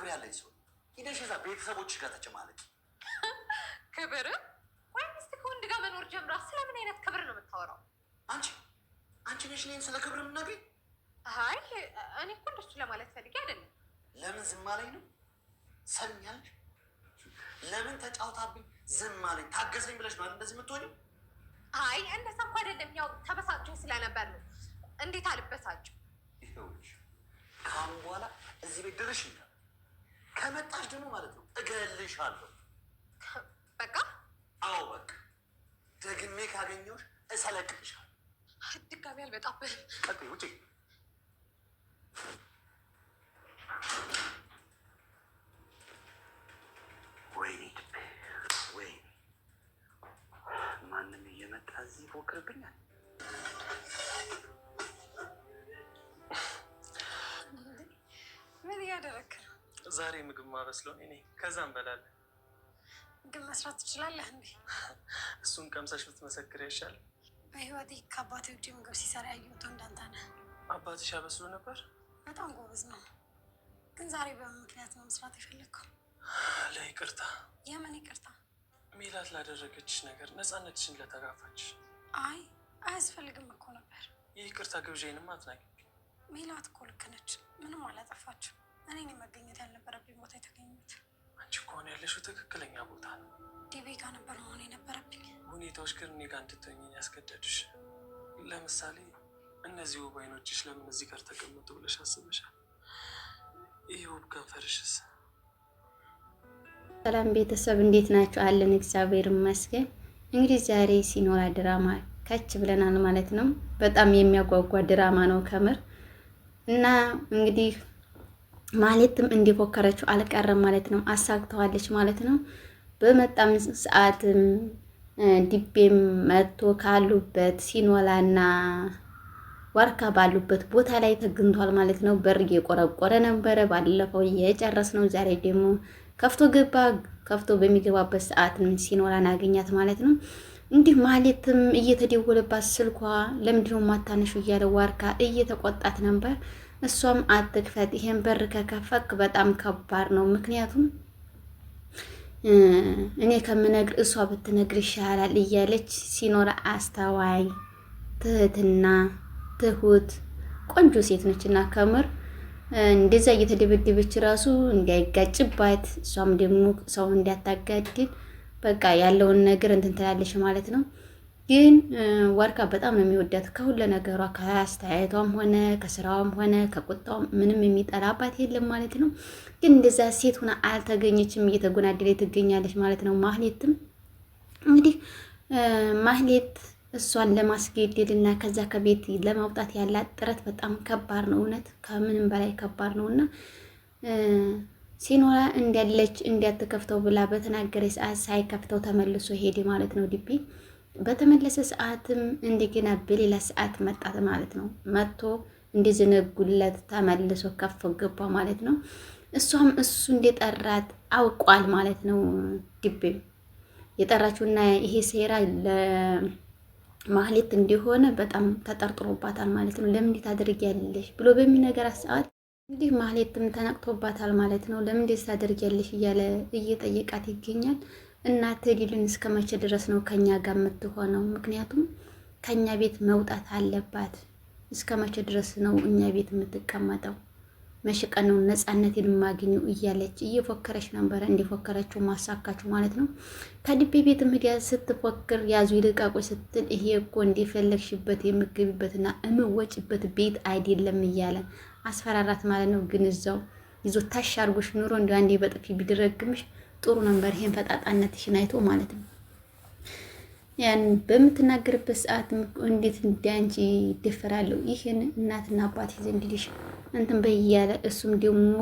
ክብር ያለኝ ሰው ሂደሽ እዛ ቤተሰቦች ጋር ተጨማለቂ። ክብር ወይም ስ ከወንድ ጋር መኖር ጀምራ ስለምን አይነት ክብር ነው የምታወራው? አንቺ አንቺ ነሽ እኔን ስለ ክብር የምናገኝ? አይ እኔ እኮ እንደሱ ለማለት ፈልጌ አይደለም። ለምን ዝም አለኝ ነው ሰምኛለሽ? ለምን ተጫውታብኝ ዝም አለኝ ታገሰኝ ብለሽ ነው እንደዚህ የምትሆኝ? አይ እንደዛ እኮ አይደለም። ያው ተበሳጭ ስለነበር ነው። እንዴት አልበሳጭ? ይኸውልሽ ከአሁን በኋላ እዚህ ቤት ድርሽ ይላል ከመጣሽ ደግሞ ማለት ነው እገልሻለሁ። በቃ አዎ፣ በቃ ደግሜ ካገኘሁሽ እሰለቅልሻለሁ። ድጋሚ አልመጣብህ። ውጪ ወይኔ ድቤ፣ ወይኔ ማንም እየመጣ እዚህ ይፎክርብኛል። ዛሬ ምግብ ማበስለው እኔ፣ ከዛ እንበላለን። ምግብ መስራት ትችላለህ እንዴ? እሱን ቀምሰሽ ብትመሰክር ይሻል። በህይወቴ ከአባቴ ውጭ ምግብ ሲሰራ ያየሁት እንዳንተ ነህ። አባትሽ አበስሎ ነበር? በጣም ጎበዝ ነው። ግን ዛሬ በምን ምክንያት ነው መስራት የፈለግከው? ለይቅርታ። የምን ይቅርታ? ሜላት ላደረገችሽ ነገር ነፃነትሽን ለተጋፋች። አይ አያስፈልግም እኮ ነበር። ይህ ይቅርታ ግብዣዬንም አትናቂ። ሜላት እኮ ልክ ነች፣ ምንም አላጠፋችም። እኔ ነኝ መገኘት ያልነበረብኝ ቦታ የተገኘሁት። አንቺ ከሆነ ያለሽው ትክክለኛ ቦታ ነው። ዲቤ ጋር ነበር መሆን የነበረብኝ። ሁኔታዎች ግን እኔ ጋር እንድትሆኝ ያስገደዱሽ። ለምሳሌ እነዚህ ውብ አይኖችሽ ለምን እዚህ ጋር ተቀመጡ ብለሽ አስበሻል? ይህ ውብ ከንፈርሽስ? ሰላም ቤተሰብ እንዴት ናቸው? አለን እግዚአብሔር ይመስገን። እንግዲህ ዛሬ ሲኖላ ድራማ ከች ብለናል ማለት ነው። በጣም የሚያጓጓ ድራማ ነው ከምር እና እንግዲህ ማለትም እንደፎከረችው አልቀረም ማለት ነው። አሳግተዋለች ማለት ነው። በመጣም ሰዓትም ዲቤም መጥቶ ካሉበት ሲኖላና ዋርካ ባሉበት ቦታ ላይ ተገኝቷል ማለት ነው። በር እየቆረቆረ ነበረ ባለፈው የጨረስ ነው። ዛሬ ደግሞ ከፍቶ ገባ። ከፍቶ በሚገባበት ሰዓትም ሲኖላን አገኛት ማለት ነው። እንዲህ ማለትም እየተደወለባት ስልኳ ለምንድነው ማታነሹ እያለ ዋርካ እየተቆጣት ነበር። እሷም አትክፈት፣ ይሄን በር ከከፈክ በጣም ከባድ ነው። ምክንያቱም እኔ ከምነግር እሷ ብትነግር ይሻላል እያለች ሲኖር አስተዋይ፣ ትህትና፣ ትሁት ቆንጆ ሴት ነች እና ከምር እንደዛ እየተደበደበች ራሱ እንዳይጋጭባት እሷም ደግሞ ሰው እንዳታጋድል በቃ ያለውን ነገር እንትን ትላለች ማለት ነው። ግን ዋርካ በጣም ነው የሚወዳት። ከሁለ ነገሯ ከአስተያየቷም ሆነ ከስራዋም ሆነ ከቁጣውም ምንም የሚጠላባት የለም ማለት ነው። ግን እንደዛ ሴት ሆና አልተገኘችም፣ እየተጎናደለ ትገኛለች ማለት ነው። ማህሌትም እንግዲህ ማህሌት እሷን ለማስገደል እና ከዛ ከቤት ለማውጣት ያላት ጥረት በጣም ከባድ ነው። እውነት ከምንም በላይ ከባድ ነው እና ሲኖራ እንዳለች እንዳትከፍተው ብላ በተናገረ ሰዓት ሳይከፍተው ተመልሶ ሄደ ማለት ነው ዲቤ በተመለሰ ሰዓትም እንደገና በሌላ ሰዓት መጣት ማለት ነው። መጥቶ እንደዘነጉለት ተመልሶ ከፍ ገባ ማለት ነው። እሷም እሱ እንደጠራት አውቋል ማለት ነው። ድቤ የጠራችውና ይሄ ሴራ ለማህሌት እንደሆነ በጣም ተጠርጥሮባታል ማለት ነው። ለምን ታደርጊያለሽ ብሎ በሚነገራት ሰዓት እንግዲህ ማህሌትም ተነቅቶባታል ማለት ነው። ለምን ታደርጊያለሽ እያለ እየጠየቃት ይገኛል። እናት ሊሉን እስከ መቼ ድረስ ነው ከኛ ጋር የምትሆነው? ምክንያቱም ከኛ ቤት መውጣት አለባት። እስከ መቼ ድረስ ነው እኛ ቤት የምትቀመጠው? መሽቀ ነው ነፃነቴን የማገኘው እያለች እየፎከረች ነበረ። እንዲፎከረችው ማሳካችው ማለት ነው። ከድቤ ቤት ምህዲያ ስትፎክር ያዙ ይልቃቁ ስትል ይሄ እኮ እንዲፈለግሽበት የምገቢበትና እምወጭበት ቤት አይደለም እያለ አስፈራራት ማለት ነው። ግን እዛው ይዞ ታሽ ኑሮ እንዲ አንዴ በጥፊ ቢደረግምሽ ጥሩ ነበር። ይሄን ፈጣጣነትሽን አይቶ ማለት ነው። ያን በምትናገርበት ሰዓት እንዴት እንዳንቺ ይደፈራለሁ ይህን እናትና አባት ይዘ እንግዲሽ እንትን በያለ እሱም ደግሞ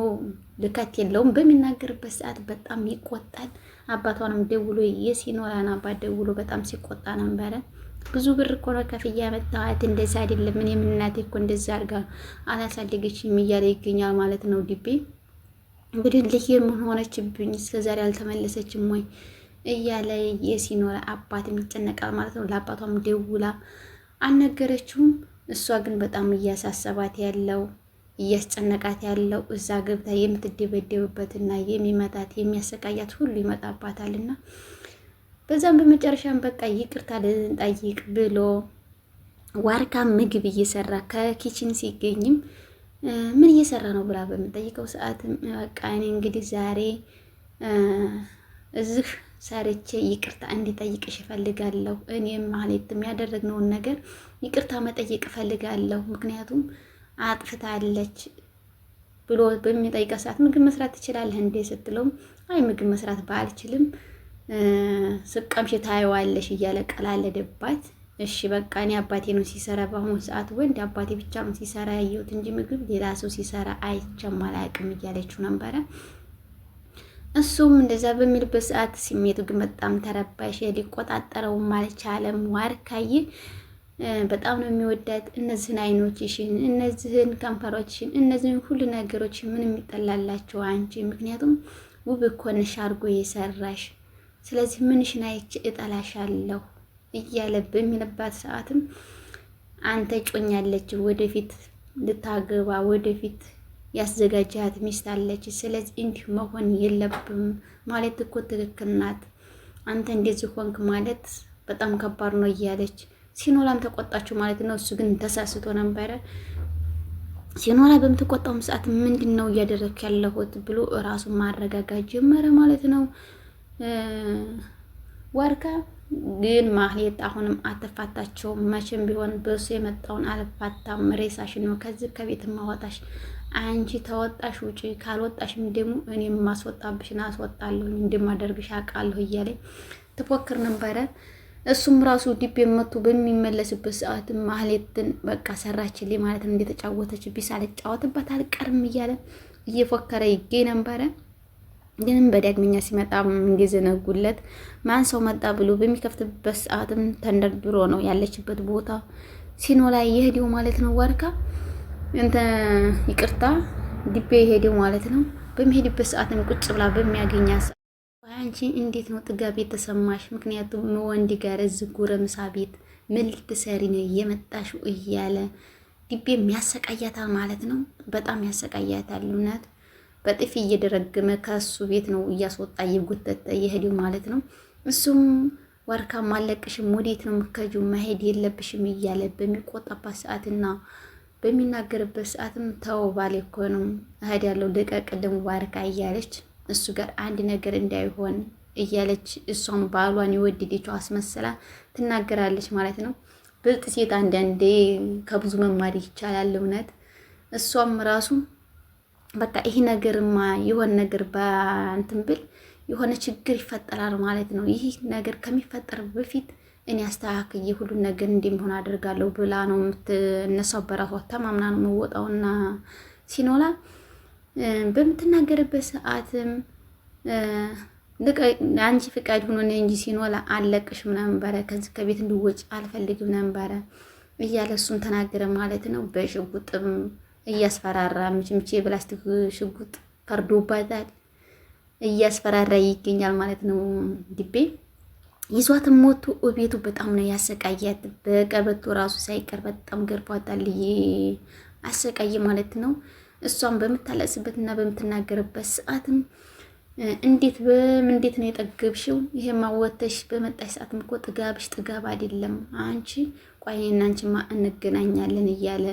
ልከት የለውም። በሚናገርበት ሰዓት በጣም ይቆጣል። አባቷንም ደውሎ የሲኖራን አባት ደውሎ በጣም ሲቆጣ ነበረ። ብዙ ብር እኮ ነው ከፍ እያመጣት እንደዛ አይደለም እኔም እናቴ እኮ እንደዛ አድርጋ አላሳደገችም እያለ ይገኛል ማለት ነው ዲቤ እንግዲህ ልዬ ምን ሆነችብኝ እስከዛሬ አልተመለሰችም ወይ እያለ የሲኖረ አባት ይጨነቃል ማለት ነው። ለአባቷም ደውላ አልነገረችውም። እሷ ግን በጣም እያሳሰባት ያለው እያስጨነቃት ያለው እዛ ገብታ የምትደበደብበትና የሚመታት የሚያሰቃያት ሁሉ ይመጣባታልና በዛም በመጨረሻም በቃ ይቅርታ ልንጠይቅ ብሎ ዋርካ ምግብ እየሰራ ከኪችን ሲገኝም ምን እየሰራ ነው ብላ በምጠይቀው ሰዓት በቃ እኔ እንግዲህ ዛሬ እዚህ ሰርቼ ይቅርታ እንዲጠይቅሽ እፈልጋለሁ። እኔም ማህሌትም ያደረግነውን ነገር ይቅርታ መጠየቅ እፈልጋለሁ። ምክንያቱም አጥፍታለች ብሎ በሚጠይቀ ሰዓት ምግብ መስራት ትችላለህ እንዴ ስትለውም አይ ምግብ መስራት ባልችልም ስቀምሽ ታየዋለሽ እያለ ቀላለደባት። እሺ በቃ እኔ አባቴ ነው ሲሰራ። በአሁኑ ሰዓት ወንድ አባቴ ብቻ ነው ሲሰራ ያየሁት እንጂ ምግብ ሌላ ሰው ሲሰራ አይቼም አላውቅም እያለችው ነበረ። እሱም እንደዛ በሚልበት ሰዓት ስሜቱ ግን በጣም ተረባሽ፣ ሊቆጣጠረውም አልቻለም። ዋርካዬ በጣም ነው የሚወዳት። እነዚህን አይኖችሽን፣ እነዚህን ከንፈሮችሽን፣ እነዚህን ሁሉ ነገሮች ምን የሚጠላላቸው አንቺ? ምክንያቱም ውብ እኮ ነሽ አድርጎ የሰራሽ። ስለዚህ ምንሽን አይቼ እጠላሻለሁ እያለ በሚልባት ሰዓትም አንተ ጮኛለች፣ ወደፊት ልታገባ ወደፊት ያዘጋጃት ሚስት አለች። ስለዚህ እንዲህ መሆን የለብም ማለት እኮ ትክክል ናት። አንተ እንደዚህ ሆንክ ማለት በጣም ከባድ ነው እያለች ሲኖላም ተቆጣችሁ ማለት ነው። እሱ ግን ተሳስቶ ነበረ። ሲኖላ በምትቆጣውም ሰዓት ምንድን ነው እያደረግክ ያለሁት ብሎ እራሱን ማረጋጋት ጀመረ ማለት ነው ዋርካ ግን ማህሌት አሁንም አትፋታቸውም። መቼም ቢሆን በሱ የመጣውን አልፋታም፣ ሬሳሽን ነው ከዚህ ከቤት ማወጣሽ። አንቺ ተወጣሽ ውጪ፣ ካልወጣሽም ደግሞ እኔ የማስወጣብሽን አስወጣለሁ፣ እንደማደርግሽ አውቃለሁ እያለ ትፎክር ነበረ። እሱም ራሱ ዲፕ የመቱ በሚመለስበት ሰዓት ማህሌትን በቃ ሰራችልኝ ማለት እንደተጫወተች ቢስ አልጫወትባት አልቀርም እያለ እየፎከረ ይገኝ ነበረ። ግንም በዳግመኛ ሲመጣ እንዲዘነጉለት ማን ሰው መጣ ብሎ በሚከፍትበት ሰዓትም ተንደርድሮ ነው ያለችበት ቦታ ሲኖ ላይ የሄደው ማለት ነው። ዋርካ እንተ ይቅርታ ዲቤ የሄደው ማለት ነው። በሚሄድበት ሰዓትም ቁጭ ብላ በሚያገኛ አንቺ እንዴት ነው ጥጋብ የተሰማሽ? ምክንያቱም ወንድ ጋር እዚህ ጎረምሳ ቤት ምን ልትሰሪ ነው የመጣሽው? እያለ ዲቤ የሚያሰቃያታል ማለት ነው። በጣም ያሰቃያታል እውነት በጥፊ እየደረገመ ከሱ ቤት ነው እያስወጣ እየጎተተ እየሄደው ማለት ነው። እሱም ዋርካ ማለቅሽም ወዴት ነው ምከጁ መሄድ የለብሽም እያለ በሚቆጣባት ሰዓትና በሚናገርበት ሰዓትም ተው ባሌ እኮ ነው እህድ ያለው ልቀቅልኝ ዋርካ እያለች እሱ ጋር አንድ ነገር እንዳይሆን እያለች እሷም ባሏን የወደደችው አስመሰላ ትናገራለች ማለት ነው። ብልጥ ሴት አንዳንዴ ከብዙ መማር ይቻላል እውነት እሷም ራሱም በቃ ይሄ ነገርማ የሆነ ነገር በእንትን ብል የሆነ ችግር ይፈጠራል ማለት ነው። ይህ ነገር ከሚፈጠር በፊት እኔ አስተካክዬ ሁሉን ነገር እንደሚሆን አደርጋለሁ ብላ ነው የምትነሳው። በራሷ ተማምና ነው መወጣውና ሲኖላ በምትናገርበት ሰዓትም አንቺ ፍቃድ ሆኖ ነው እንጂ ሲኖላ አለቅሽ ምናምን በረ ከዚህ ከቤት እንድወጭ አልፈልግም ነበረ እያለ እሱም ተናገረ ማለት ነው በሽጉጥም እያስፈራራ ምችምቼ የፕላስቲክ ሽጉጥ ፈርዶባታል እያስፈራራ ይገኛል ማለት ነው። ድቤ ይዟት ሞቱ እቤቱ በጣም ነው ያሰቃያት። በቀበቶ ራሱ ሳይቀር በጣም ገርፏታል። አሰቃየ ማለት ነው። እሷም በምታለቅስበት እና በምትናገርበት ሰዓትም እንዴት በምን እንዴት ነው የጠገብሽው? ይሄ ማወተሽ በመጣሽ ሰዓትም እኮ ጥጋብሽ ጥጋብ አይደለም አንቺ ቆይና እንገናኛለን እያለ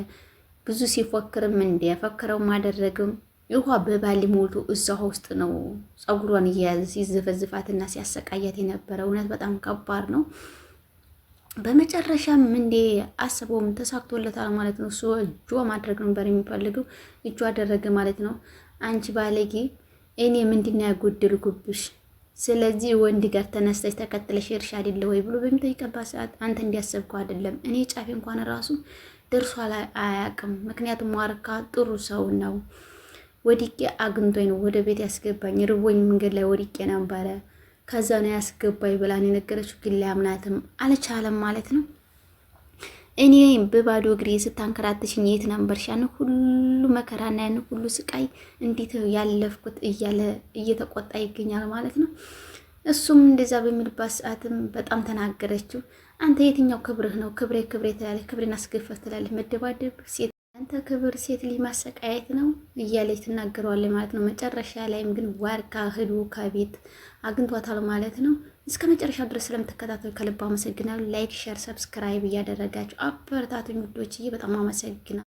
ብዙ ሲፎክርም እንዲያፈክረውም አደረግም። ውሃ በባሊ ሞልቶ እዛ ውስጥ ነው ፀጉሯን እየያዘ ሲዘፈዝፋትና ሲያሰቃያት የነበረ እውነት በጣም ከባድ ነው። በመጨረሻም እንዴ አስበውም ተሳክቶለታል ማለት ነው። እሱ እጇ ማድረግ ነበር የሚፈልገው እጇ አደረገ ማለት ነው። አንቺ ባለጌ፣ እኔ ምንድን ያጎደልኩብሽ? ስለዚህ ወንድ ጋር ተነስተሽ ተከትለሽ እርሻ አይደለ ወይ ብሎ በሚጠይቀባት ሰዓት አንተ እንዲያሰብከው አይደለም እኔ ጫፌ እንኳን ራሱ ደርሶ አያውቅም። ምክንያቱም ዋርካ ጥሩ ሰው ነው። ወድቄ አግኝቶኝ ነው ወደ ቤት ያስገባኝ። ርቦኝ መንገድ ላይ ወድቄ ነበረ፣ ከዛ ነው ያስገባኝ ብላን የነገረችው ግን ሊያምናትም አልቻለም ማለት ነው። እኔ በባዶ እግሬ ስታንከራተሽኝ የት ነበርሽ? ያን ሁሉ መከራና ያን ሁሉ ስቃይ እንዴት ያለፍኩት እያለ እየተቆጣ ይገኛል ማለት ነው። እሱም እንደዛ በሚልባት ሰዓትም በጣም ተናገረችው። አንተ የትኛው ክብርህ ነው? ክብሬ ክብሬ ትላለህ፣ ክብሬን አስገፈፍ ትላለህ። መደባደብ ሴት አንተ ክብር ሴት ልጅ ማሰቃየት ነው እያለች ትናገረዋለች ማለት ነው። መጨረሻ ላይም ግን ዋርካ ህዱ ከቤት አግኝቷታል ማለት ነው። እስከ መጨረሻ ድረስ ስለምትከታተሉ ከልብ አመሰግናለሁ። ላይክ፣ ሸር፣ ሰብስክራይብ እያደረጋችሁ አበረታቱኝ ውዶችዬ፣ በጣም አመሰግናለሁ።